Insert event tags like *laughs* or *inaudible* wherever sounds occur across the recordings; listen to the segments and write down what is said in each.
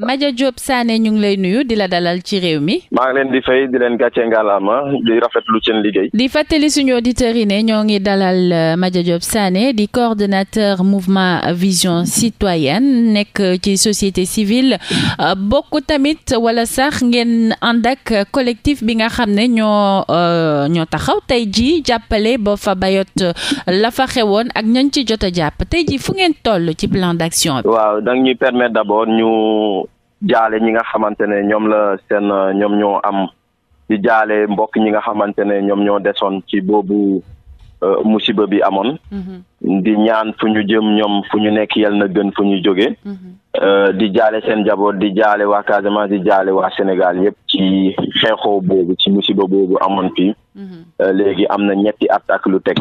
Madia Diop Sané ñu ngi lay nuyu di la dalal ci réew mi. maa ngi leen di fay di leen gàcce ngalaama di rafetlu seen liggéey. di fàttali suñu auditeurs yi ne ñoo ngi dalal euh, Madia Diop Sané di coordonnateur mouvement vision citoyenne nekk ci société civile euh, bokk tamit wala sax ngeen ànd ak collectif bi nga xam ne ñoo euh, ñoo taxaw tey ji jàppale ba fa bayot la fa xewoon ak ñañ ci jot a jàpp tey ji fu ngeen toll ci plan d'action bi. waaw da ñuy permettre d'abord ñu. jaale ñi nga xamante ne ñoom la seen euh, ñoom ñoo am di jaale mbokk ñi nga xamante ne ñoom ñoo desoon ci boobu euh, musiba bi amoon mm-hmm. di ñaan fu ñu jëm ñoom fu ñu nekk yel na gën fu ñu jóge mm-hmm. euh, di jaale seen jaboot di jaale waa Casamance di jaale waa Sénégal yëpp ci xeexoo boobu ci musiba boobu amoon fii mm-hmm. léegi am na ñetti at ak lu teg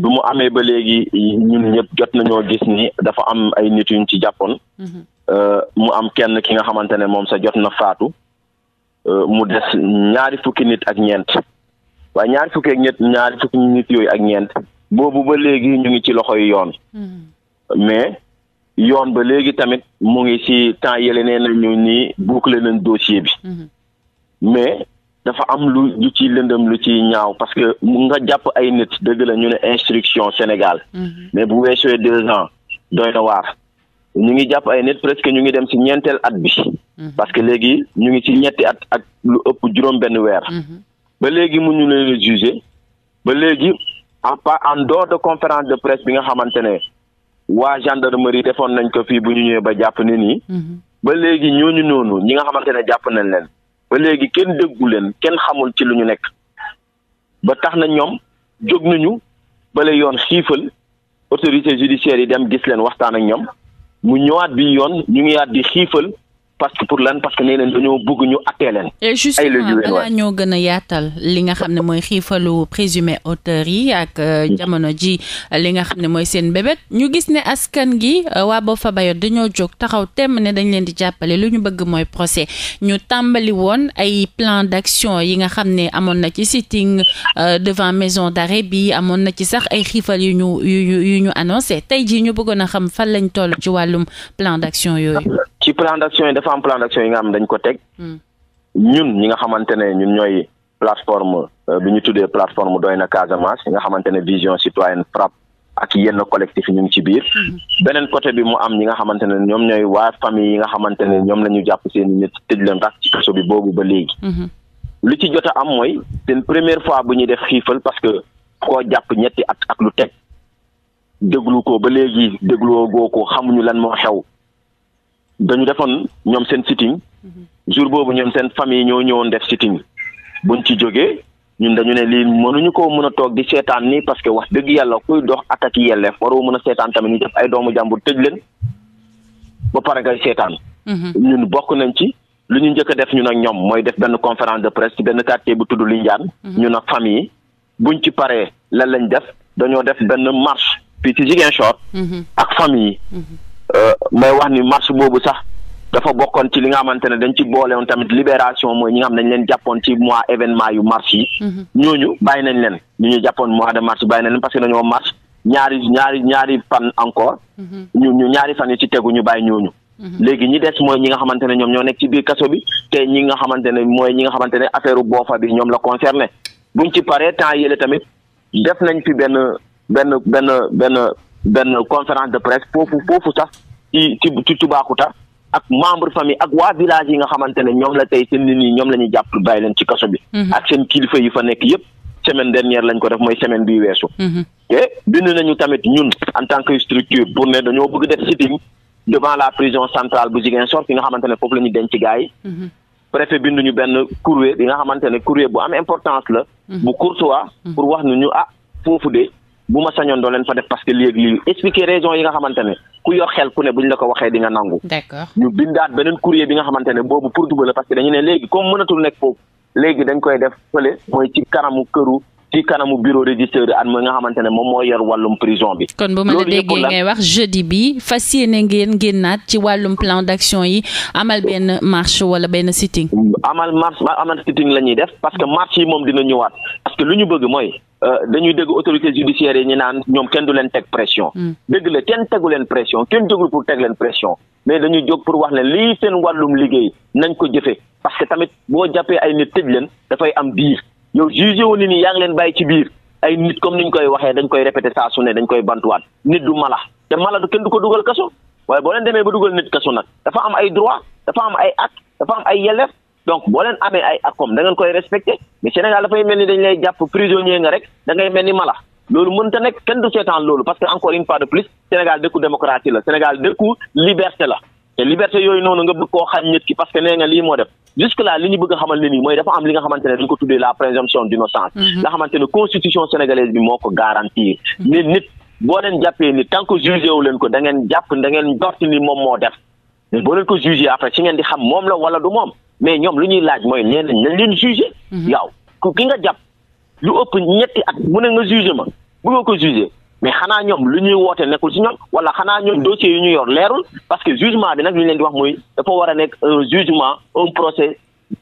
bu mu amee ba léegi ñun ñëpp jot nañoo gis ni dafa am ay nit yuñ ci jàppoon Euh, mu am kenn ki nga xamante ne moom sa jot na faatu euh, mu des ñaari fukki nit ak ñeent waaye ñaari fukki ak ñett ñaari fukki nit yooyu ak ñeent boobu ba léegi ñu ngi ci loxoy yoon mm-hmm. mais yoon ba léegi tamit mu ngi ci temps yële nee nañu nii boucler nañ dossier bi mm-hmm. mais dafa am lu lu ci lëndëm lu ci ñaaw parce que mu nga jàpp ay nit dëgg la ñu ne instruction Sénégal mm-hmm. mais bu weesoo deux ans doy na waar ñu ngi jàpp ay nit presque ñu ngi dem ci ñeenteel at bi mhm. parce que léegi ñu ngi ci ñetti at ak lu ëpp juróom benn weer mhm. ba léegi mu ñu leen jugé ba léegi en pas en dehors de conférence de presse bi nga xamante ne waa gendarmerie defoon nañ ko fii bu ñu ñëwee ba jàpp nit nii mhm. ba léegi ñooñu noonu ñi nga xamante ne jàpp nañ leen ba léegi kenn déggu leen kenn xamul ci lu ñu nekk ba tax na ñoom jóg nañu bala yoon xiifal autorité judiciaire yi dem gis leen waxtaan ak ñoom mu ñëwaat bi yoon ñu ngi yaat di xiifal parce que pour lan parce que dañoo bëgg ñu attee leen. justement balaa ñoo gën a yaatal li nga xam ne mooy xiifalu présumé auteur yi ak euh, mm. jamono ji li nga xam ne mooy seen bébét ñu gis ne askan gi euh, waa Boffa Bayotte dañoo jóg taxaw temm ne dañ leen di jàppale lu ñu bëgg mooy procès ñu tàmbali woon ay plan d'action yi nga xam ne amoon na ci sitting euh, devant maison d'arrêt bi amoon na ci sax ay xiifal yu ñu yu ñu yu ñu annoncé tey jii ñu bëggoon a xam fan lañ toll ci wàllum plan d'action yooyu. ci plan d'action yi dafa am plan d'action yi nga xam ne dañ ko teg hmm. ñun ñi nga xamante ne ñun ñooy plateforme euh, bi ñu tuddee plateforme doy na Casamance yi nga xamante ne vision citoyenne FRAPP ak yenn collectif ñu ngi ci biir hmm. beneen côté bi mu am ñi nga xamante ne ñoom ñooy waa famille yi nga xamante ne ñoom la ñu jàpp seen nit tëj leen rax ci kaso bi boobu ba léegi hmm. li ci jot a am mooy seen première fois bu ñuy def xiifal parce que koo jàpp ñetti at ak lu teg déglu ba léegi dégluwoo goo ko xamuñu lan moo dañu defoon ñoom seen sitting mhm. jour boobu ñoom seen famille ñoo ñëwoon def sitting buñ ci jógee ñun dañu ne lii mënuñu koo mën a toog di seetaan ni parce que wax dëgg yàlla kuy dox attaque yi yelleef waroo mën a seetaan tamit ñu def ay doomu jàmbur tëj leen ba pare ngay seetaan. Mhm. ñun bokk nañ ci lu ñu njëkk a def ñun ak ñoom mooy def benn conférence de presse ci benn quartier bu tudd Lindiane. Mhm. ñun ak famille buñ ci paree lan lañ def dañoo def benn marche fii ci Ziguinchor. may wax ni marche boobu sax dafa bokkoon ci li nga xamante ne dañ ci boole tamit libération mooy ñi nga xam nañ leen jàppoon ci mois événement yu mars yi. Mhm. ñooñu bàyyi nañ leen ñu ñu jàppoon mois de mars bàyyi nañ leen parce que dañoo marche ñaari ñaari ñaari fan encore. Mhm. ñu ñu ñaari fan yi ci tegu ñu bàyyi ñu mhm. léegi ñi des mooy ñi nga xamante ne ñoom ñoo nekk ci biir kaso bi te ñi nga xamante ne mooy ñi nga xamante ne affaire boofa bi ñoom la concerné buñ ci paree temps yële tamit def nañ fi benn benn benn benn benn conférence de foofu foofu sax. ci ci Toubacouta ak membre famille ak waa village yi nga xamante ne ñoom la tey seen nit ñi ñoom la jàpp bàyyi leen ci kaso bi. Mhm. ak seen kilifa yi fa nekk yëpp semaine dernière lañ ko def mooy semaine bii weesu. Mhm. te bind nañu tamit ñun en tant que structure pour ne dañoo bëgg def sitting devant la prison centrale bu Ziguinchor fi nga xamante foofu la denc gars yi. Mhm. préfet binduñu benn courrier bi nga xamante ne bu am importance la. bu courtois pour ku yor xel ku ne bu ñu la ko waxee di nga nangu. d'accord ñu bindaat beneen courrier bi nga xamante ne boobu pour dugal la parce que dañu ne léegi comme mënatul nekk léegi dañ koy def fële mooy ci kanamu këru ci kanamu bureau régisseur an mi nga xamante moom moo yor wàllum prison bi. kon bu ma la déggee ngay wax jeudi bi fas yéene ngeen génnaat ci wàllum plan d'action yi amal benn marche wala benn sitting. amal marche amal sitting la def parce que marche yi moom dina ñëwaat parce que lu ñu bëgg mooy. Euh, dañuy dégg autorité judiciaire yi ñu naan ñoom kenn du leen teg pression. Hmm. dëgg la kenn tegu leen pression kenn jógul pour teg leen pression yow jugé wu ni yaa ngi leen bàyyi ci biir ay nit comme ni ñu koy waxee dañ koy répété saa su dañ koy bantuwaat nit du mala te mala kenn du ko dugal kaso waaye boo leen demee ba dugal nit kaso nag dafa am ay droit dafa am ay acte dafa am ay yelleef donc boo leen amee ay akom da ngeen koy respecté mais Sénégal dafay mel ni dañ lay jàpp prisonnier nga rek da mel ni mala loolu mën nekk kenn du seetaan loolu parce que encore une fois de plus te liberté yooyu noonu nga bëgg koo xañ nit ki parce que nee lii moo def jusque là li ñu bëgg xamal ne nii mooy dafa am li nga xamante ne dañ ko tuddee la présomption d'innocence mhm. nga xamante constitution sénégalaise bi moo ko garantir mhm. ne nit boo leen jàppee ni tant que jugé wu leen ko da ngeen jàpp da ngeen ni moom moo def mais mhm. boo leen ko jugé après si ngeen di xam moom la wala du moom mais ñoom lu ñuy laaj mooy nee leen jugé yow mais xanaa ñoom lu ñuy woote nekkul ci ñoom wala xanaa ñoom dossiers yu ñu yor leerul parce que jugement bi nag li ñu leen di wax mooy dafa war a nekk un jugement un procès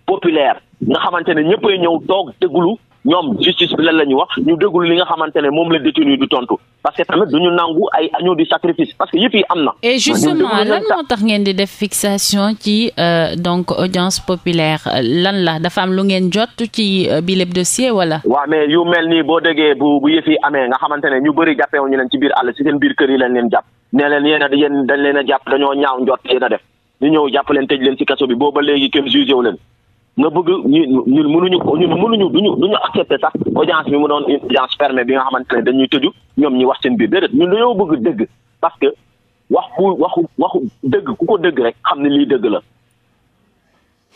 populaire nga xamante ne ñëppay ñëw toog déglu ñoom justice bi lan la ñu wax ñu déglu li nga xamante ne moom la détenu du tontu parce que tamit du ñu nangu ay agneau du sacrifice parce que yëpp yi am na. et justement lan ngeen di def fixation ci euh, donc audience populaire lan la dafa am lu ngeen jot ci euh, bi dossier wala. waa mais yu mel nii boo déggee bu bu yëf yi amee nga xamante ne ñu bëri jàppewuñu leen ci biir àll ci seen biir kër yi lañ leen jàpp nee leen yéen a yéen dañ leen jàpp dañoo ñaaw njot yéen def ñu ñëw jàpp leen tëj leen ci kaso bi booba léegi kenn leen nga bëgg ñu ñun mënuñu ñun mënuñu duñu duñu accepté sax audience bi mu doon une audience fermée bi nga xamante ne dañuy tëju ñoom ñi wax seen biir déedéet ñun dañoo bëgg dëgg parce que wax bu waxu waxu dëgg ku ko dëgg rek xam ne lii dëgg la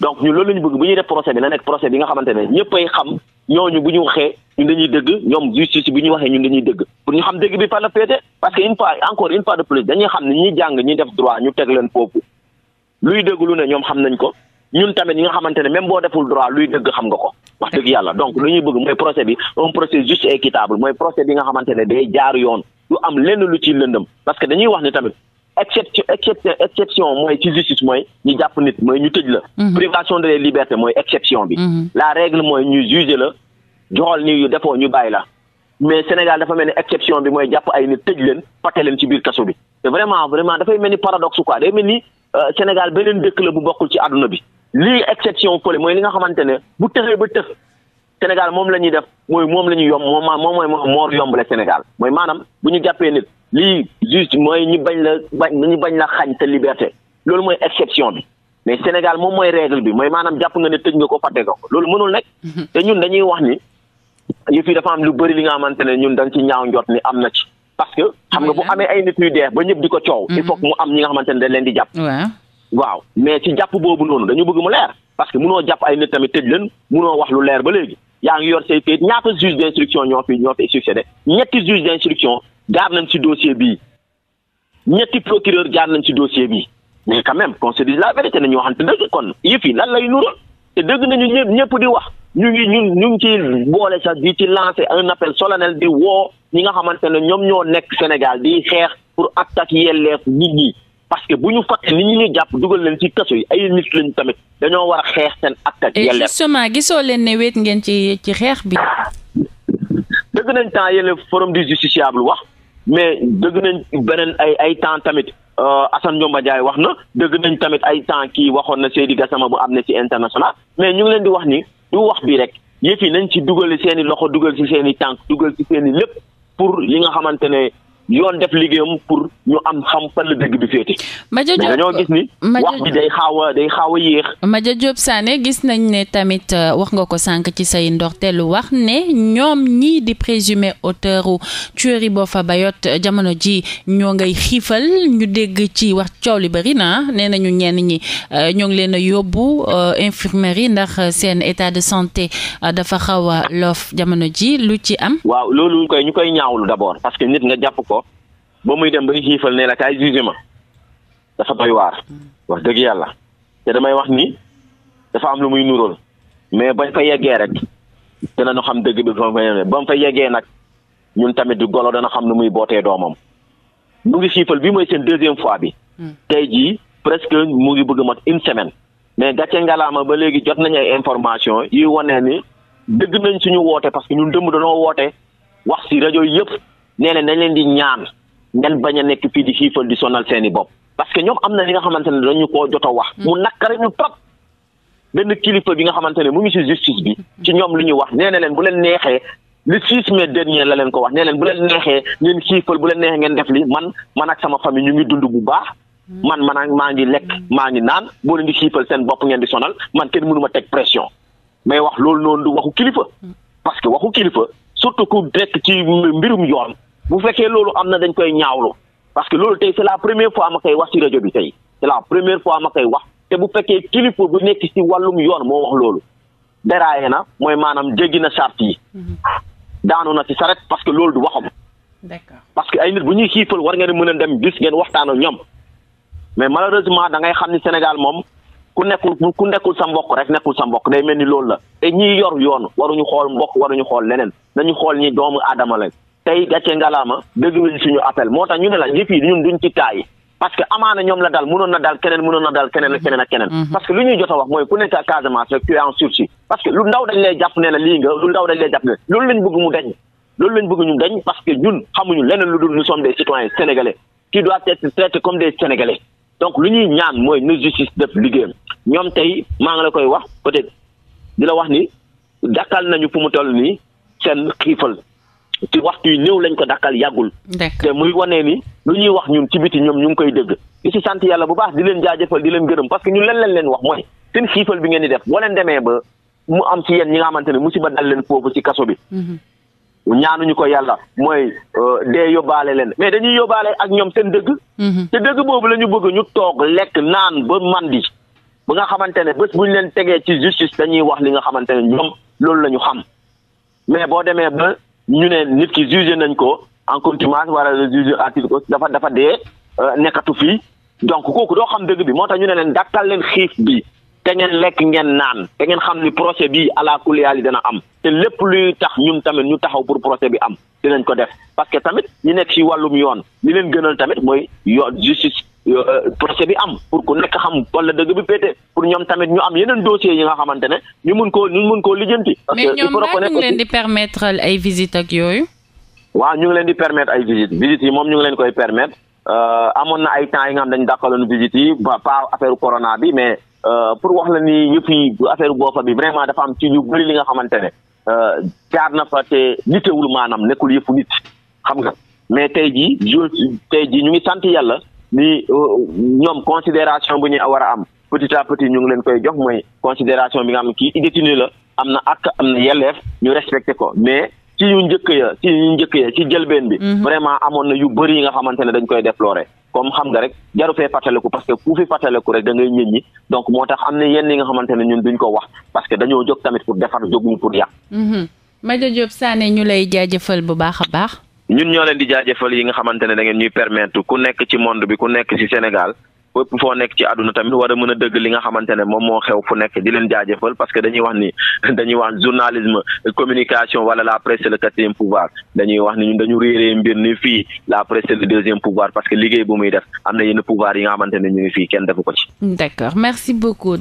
donc ñun loolu lañu bëgg bu ñuy def procès bi na nekk procès bi nga xamante ne ñëppay xam ñooñu bu ñu waxee ñun dañuy dëgg ñoom justice bi ñu waxee ñun dañuy dëgg pour ñu xam dëgg bi fan la féete parce que une fois encore une fois de plus dañuy xam ne ñi jàng ñi def droit ñu teg leen foofu luy dëgg lu ne ñoom xam nañ ko ñun tamit ñi nga xamante ne boo deful droit luy dëgg xam nga ko wax dëgg yàlla donc lu bëgg mooy procès bi un procès juste équitable mooy procès bi nga xamante ne day jaar yoon lu am lenn lu ci lëndëm parce que dañuy wax ni tamit exception exception mooy ci justice mooy ñu jàpp nit mooy ñu tëj la mhm. privation de la liberté mooy exception bi mhm. la règle mooy ñu juger la joxol ni defoo ñu bàyyi la mais Sénégal dafa mel ni exception bi mooy jàpp ay nit tëj bi te vraiment vraiment dafay mel ni paradoxe quoi day mel ni euh, bi lii exception fële mooy li nga xamante ne bu tëxee ba tëx Sénégal moom la ñuy def mooy moom la ñuy yomb moom moom mooy moor yombale Sénégal mooy maanaam bu ñu jàppee nit lii juste mooy ñu bañ la bañ ñu bañ la xañ te liberté loolu mooy exception bi mais Sénégal moom mooy règle bi mooy maanaam jàpp nga ne tëj nga ko fàtte nga ko loolu mënul nekk mhm. te ñun dañuy wax ni yëf yi dafa am lu bari li nga xamante ne ñun dañ ci ñaaw njot ni am na ci parce que xam nga bu amee ay nit ñuy dee ba ñëpp di ko coow mhm. il faut am ñi nga xamante ne dañ leen di jàpp waaw mais ci jàpp boobu noonu dañu bëgg mu leer parce que munoo jàpp ay nit tamit tëj leen munoo wax lu leer ba léegi yaa ngi yor say kayit ñaata juge d'instruction ñoo fi ñoo fi succédé ñetti juge d'instruction jaar nañ ci dossier bii ñetti procureur jaar nañ ci dossier bi mais quand même qu'on se dise la vérité nañu waxante dëgg kon yëf yi lan lay nuroon te dëgg nañu ñëpp ñëpp di wax ñu ngi ñun ñu ngi ci boole sax di ci lancer un appel solennel di woo ñi nga xamante ne ñoom ñoo nekk Sénégal di xeex pour attaque yelleef nit ñi parce que bu ñu fàtte ni ñu ñu jàpp dugal leen ci kaso yi ay nit lañ tamit dañoo war a xeex seen ak ak yelleef. justement gisoo leen ne wet ngeen ci ci xeex bi. dëgg nañ temps yële forum du justiciable wax mais dëgg nañ beneen ay ay temps tamit euh, Assane Ndiomba Ndiaye wax na dëgg nañ tamit ay temps kii waxoon na Seydi Gassama bu Amnesty International mais ñu ngi leen di wax ni du wax bi rek yëf yi nañ ci dugal seeni loxo dugal ci seen i tànk dugal ci seen i lépp pour li nga xamante ne yoon def liggéeyam pour ñu am xam fan la dëgg bi féete. Madia Diop mais dañoo gis gis nañ ne tamit euh, wax nga ko sànq ci say ndorteelu wax ne ñoom ñii di présumé auteur u tuerie Boffa bayot jamono ji ñoo ngay xiifal ñu dégg ci wax coow li bari naa nee nañu ñenn ñi euh, ñoo ngi leen a yóbbu euh, infirmerie ndax seen état de santé dafa xaw a loof jamono ji lu ci am. waaw loolu ñu koy ñu koy ñaawlu d'abord parce nit nga jàpp ko. ba muy dem bay xiifal ne la kaay jugé ma dafa doy waar wax dëgg yàlla te damay wax ni dafa am lu muy nuróol mais bañ fa yeggee rek dana danañu xam dëgg bi ba mu fa yeggee nag ñun tamit di golo dana xam ne muy bootee doomam mu ngi xiifal bi mooy seen deuxième fois bi hmm. tey jii presque mu ngi bëgg mat une semaine mais gàcce ngalaama ba léegi jot nañ ay information yi wane ni dëgg nañ suñu woote parce que ñun dëmb dañoo woote wax si rajo yëpp nee nañ leen di ngeen bañ a nekk fii di xiifal di sonal seen bopp parce que ñoom am na li nga xamante ne dañu koo jot a wax. Mm. mu nakare ñu trop benn kilifa bi nga xamante ne mu ngi si justice bi ci ñoom li ñu wax nee na leen bu leen neexee. le 6 mai dernier la leen ko wax nee leen bu leen neexee ngeen xiifal bu leen neexee ngeen def li man man ak sama famille ñu ngi dund bu baax mm. man man ak maa ngi lekk mm. maa ngi naan boo leen di xiifal seen bopp ngeen di sonal man mënu ma teg pression mais wax loolu noonu du waxu kilifa parce que waxu kilifa surtout ku nekk ci mbirum yoon bu fekkee loolu am na dañ koy ñaawlu parce que loolu tey c'est la première fois ma koy wax ci rajo bi tey c'est la première fois ma koy wax te bu fekkee kilifa bu nekk ci wàllum yoon moo wax loolu déraaye na mooy maanaam jéggi na charte yi mhm. daanu na ci saret parce que loolu du waxam d'accord parce que ay nit bu ñuy xiifal war ngeen mën a dem gis ngeen waxtaan ak ñoom mais malheureusement da ngay xam ni Sénégal moom ku nekkul ku nekkul sa mbokk rek nekkul sa mbokk day mel ni loolu la te ñiy yor yoon waruñu xool mbokk waruñu xool leneen nañu xool ñi doomu aadama lañ tey gàcce ngalaama déglu nañ suñu appel moo tax ñu ne la yëf yi ñun duñ ci taay parce que amaana ñoom la dal mënoon na dal keneen mënoon na dal keneen ak keneen ak keneen. Mhm. parce que lu ñuy jot a wax mooy ku nekk Casamance rek tu es en parce que lu ndaw dañ lay jàpp ne la lii nga lu ndaw dañ lay jàpp ne loolu lañ bëgg mu dañ loolu lañ bëgg ñu dañ parce que ñun xamuñu leneen lu dul nous sommes des citoyens sénégalais qui doivent lu ñuy ñaan mooy na justice def liggéeyam ñoom tey maa ngi la wax peut wax ni dakkal nañu fu mu toll nii seen xiifal ci waxtu yu ñëw lañ ko dakkal yàggul. te muy wane ni lu ñuy wax ñun ci biti ñoom ñu ngi koy dégg. di ci sant yàlla bu baax di leen jaajëfal di leen gërëm parce que ñun leen leen leen wax mooy seen xiifal bi ngeen di def mhm. euh, mhm. boobu la bëgg ñu toog lekk naan ba mandi ba nga xamante bu ñu leen tegee ci justice dañuy wax li nga xamante ñoom loolu la xam mais boo demee ba ñu ne nit ki jugé nañ ko en contumace wala jugé article dafa dafa dee euh, nekkatu fii donc kooku doo xam dëgg bi moo tax ñu ne leen dàkkal leen xiif bi te ngeen lekk ngeen naan te ngeen xam ni procès bi ala kulli yi dana am te lépp luy tax ñun tamit ñu taxaw pour procès bi am dinañ ko def parce que tamit ñu nekk ci wàllum yoon li leen gënal tamit mooy yoon justice Euh, procès bi am pour ku nekk xam wala dëgg bi pété pour ñoom tamit ñu am yeneen dossiers yi nga xamante ne ñu mun koo ñu mun koo lijjanti. parce que il mais ñoom ñu leen di permettre ay visites ak yooyu. waaw ñu ngi leen di permettre ay visites visites yi moom ñu ngi leen koy permettre euh, amoon na ay temps yi nga xam dañu dàqaloon visites yi ba pas affaire corona bi mais euh, pour wax la ni yëpp yi affaire goofa bi vraiment dafa am ci yu bëri li nga xamante ne jaar na fa te nitewul maanaam nekkul yëfu xam nga mais tey jii ñu ngi sant yàlla. ni uh, ñoom considération bu ñu war am petit à ñu leen koy jox mooy considération bi nga xam kii détenu am na ak am na yelleef ko mais ci yu njëkk ya ci njëkk ya ci jëlbeen bi mhm. vraiment amoon na yu bëri yi nga xamante ne dañ koy déplorer comme xam nga rek jaru fee fàttaliku parce que ku fi fàttaliku rek da ngay ñit ñi donc moo tax am na yenn yi nga xamante ne ñun duñ ko wax parce que dañoo jóg tamit pour defar jóguñu pour yàq mhm. Madio Diop Sané ñu lay jaajëfal bu baax a baax ñun ñoo leen di jaajëfal yi nga xamante ne ñuy permettre ku nekk ci monde bi ku nekk ci Sénégal fépp foo nekk ci àdduna tamit war a mën a dëgg li nga xamante ne moom moo xew fu nekk di leen jaajëfal parce que dañuy wax ni *laughs* dañuy wax journalisme communication wala la presse le quatrième pouvoir dañuy wax ni ñun dañu réeree mbir ni fii la presse le deuxième pouvoir parce que liggéey bu muy def am na yenn pouvoir yi nga xamante ne ñu ngi fii kenn defu ko